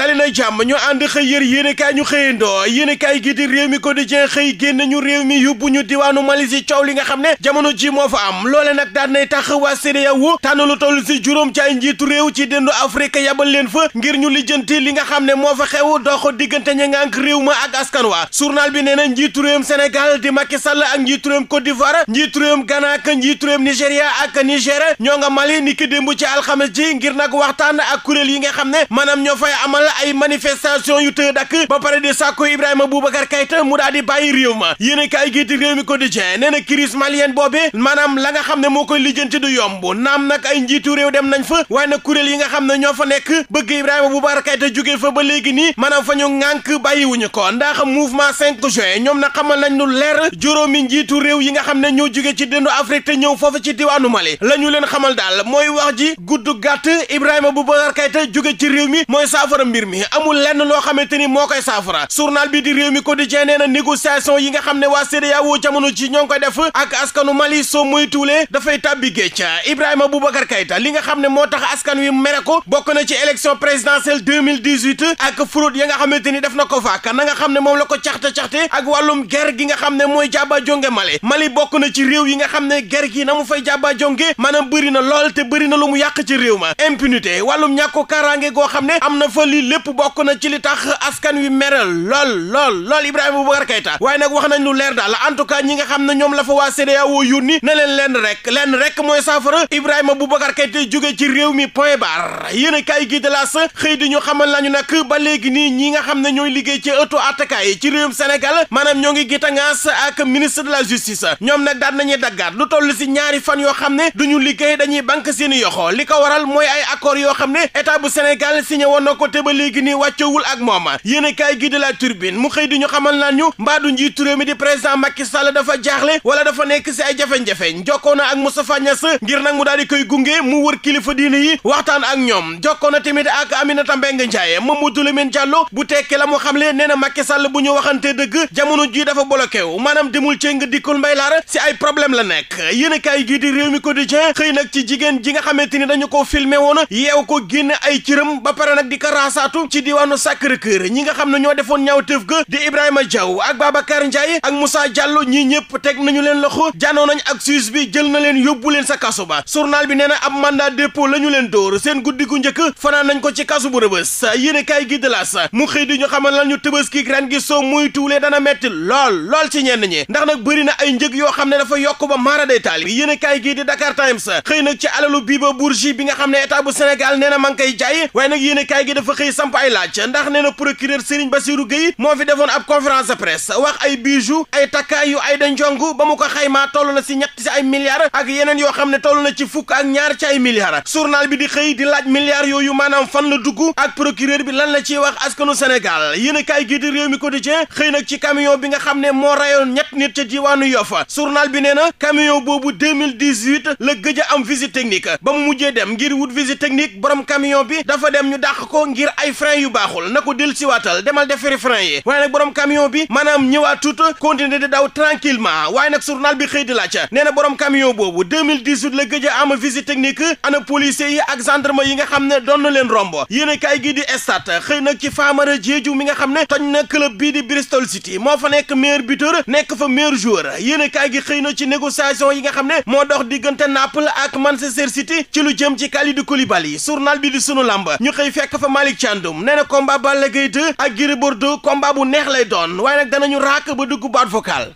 dali na jàmm ñu ànd xëy yër yéenekaay ñu xëyandoo yéenekaay gi di réew mi quotidien xëy génn ñu réew mi yóbbu ñu diwaanu Mali si coow li nga xam ne jamono ji moo fa am loole nag daan nay tax waa CEDEAO tànn lu toll si juróom ci ay njiitu réew ci dendu Afrique yabal leen fa ngir ñu lijjanti li nga xam ne moo fa xew dox diggante ña ngànk réew ma ak askan wa journal bi nee na njiitu réewum senegal di Macky Sall ak njiitu réewum Côte d'Ivoire njiitu réewum Ghana ak njiitu ñoo nga Mali ni ki démb ci alxames ji ngir nag waxtaan ak kuréel yi nga xam ne maanaam ay manifestation yu tëj dakk ba pare di sàkku Ibrahima Boubacar Keïta mu daal di bàyyi réew ma yéen a kaay gi di réew mi quotidien nee na crise malienne boobee maanaam la nga xam ne moo koy lijjanti du yomb naam nag ay njiitu réew dem nañ fa waaye nag kuréel yi nga xam ne ñoo fa nekk bëgg Ibrahima Boubacar Keïta jógee fa ba léegi nii maanaam fa ñu ŋànk bàyyiwuñu ko ndax mouvement 5 juin ñoom nag xamal nañ lu leer juróomi njiitu réew yi nga xam ne ñoo jóge ci dëndu Afrique te ñëw foofu ci diwaanu Mali la ñu leen xamal daal mooy wax ji gudd gàtt Ibrahima Boubacar Keïta jóge ci réew mi mooy saafara mbir mbir mi amul lenn loo xamante ni moo koy saafara journal bi di réew mi quotidien na négociation yi nga xam ne waa CEDEAO jamono ji ñoo ngi koy def ak askanu Mali soo muy tuulee dafay tàbbi géej Ibrahima Boubacar Keïta li nga xam ne moo tax askan wi mere ko bokk na ci élection présidentielle 2018 ak fraude ya nga xamante ni def na ko vaaka na nga xam ne moom la ko caxte caxte ak wàllum guerre gi nga xam ne mooy jàbba jonge Mali Mali bokk na ci réew yi nga xam ne guerre gi na mu fay jàbba jonge maanaam bëri na lool te bëri na mu yàq ci réew ma impunité wàllum ñàkko kaaraange goo xam ne am lépp bokk na ci li tax askan wi meral lool lool lool Ibrahima Boubacar Keita waaye nag wax nañ lu leer daal en tout cas ñi nga xam ne ñoom la fa waa CEDEAO yónni na leen leen rek leen rek mooy saafara Ibrahima Boubacar Keita jóge ci réew mi point barre yéen a kaay gi de laas xëy di ñu xamal nañu nag ba léegi nii ñi nga xam ne ñooy liggéey ci ëttu attakaay ci réewum Sénégal maanaam ñoo ngi gittangaas ak ministre de la justice ñoom nag daan nañuy daggaat lu toll si ñaari fan yoo xam ne duñu liggéey dañuy banque seeni yoxo li ko waral mooy ay accord yoo xam ne état bu Sénégal signé woon na ko ba léegi nii wàccoowul ak moom yéen kaay gi de la turbine mu xëy di ñu xamal naan ñu mbaadu njiitu réew mi di président Macky Sall dafa jaaxle wala dafa nekk si ay jafe-jafe jokkoo na ak Moustapha Niass ngir nag mu daal di koy gunge mu wër kilifa diine yi waxtaan ak ñoom jokkoo na tamit ak Aminata Mbengue Ndiaye Mamadou Lamine Diallo bu tekkee la mu xamle nee na Macky Sall bu ñu waxantee dëgg jamono ji dafa bloqué wu maanaam demul cee nga dikkul mbay laara si ay problème la nekk yéen kaay gi di réew mi xëy nag ci jigéen ji nga xamante ni dañu ko filmé woon yeew ko génn ay cëram ba pare nag Fatou ci diwaanu Sacré-Cœur ñi nga xam ne ñoo defoon ñaawteef ga di Ibrahima Diaw ak Babacar Ndiaye ak Moussa Diallo ñii ñëpp teg nañu leen loxo jaanoo nañ ak suisse bi jël na leen yóbbu leen sa kaso ba journal bi nee na ab mandat dépôt la ñu leen dóor seen guddi gu njëkk fanaan nañ ko ci kaso bu rëbës yéene gii gi de las mu xëy di ñu xamal lan ñu tëbaski ren gi soo muy tuulee dana metti lool lool ci ñenn ñi ndax nag bëri na ay njëg yoo xam ne dafa yokk ba maara day taal yéene kaay gi di Dakar xëy nag ci alalu Biba Bourgi bi nga xam ne état bu Sénégal nee na ma ngi koy jaay waaye nag gi dafa xëy xëy samp ay laaj ndax nee na procureur ba Bassirou Gueye moo fi defoon ab conférence de presse wax ay bijoux ay takkaay yu ay da njong ba mu ko xaymaa toll na si ñett si ay milliards ak yeneen yoo xam ne toll na ci fukk ak ñaar ci ay milliards journal bi di xëy di laaj milliards yooyu maanaam fan la dugg ak procureur bi lan la ciy wax askanu Sénégal yéen a kaay gii di réew mi quotidien xëy nag ci camion bi nga xam ne moo rayoon ñett nit ca diwaanu Yofa journal bi nee na camion boobu 2018 la gëj a am visite technique ba mu mujjee dem ngir wut visite technique borom camion bi dafa dem ñu dàq ko ngir ay frein yu baaxul na ko del siwaatal demal defari frein yi waaye nag borom camion bi maanaam ñëwaatut continuer di daw tranquillement waaye nag journal bi xëy di laaj nee na borom camion boobu 2018 la gëj a am visite technique ana policiers yi ak gendarme yi nga xam ne doon leen romb yéen a kaay gi di stade xëy nag ci Famara Diédhiou mi nga xam ne toj na club bii di Bristol City moo fa nekk meilleur buteur nekk fa meilleur joueur yéen a kaay gi xëy na ci négociation yi nga xam ne moo dox diggante Naples ak Manchester ci lu jëm ci Kalidou Koulibaly journal bi di sunu làmb ñu xëy fekk Thiandoum nee na combat Balla Gaye 2 ak Gris Bordeaux combat bu neex lay doon waaye nag ñu raak ba dugg bu avocat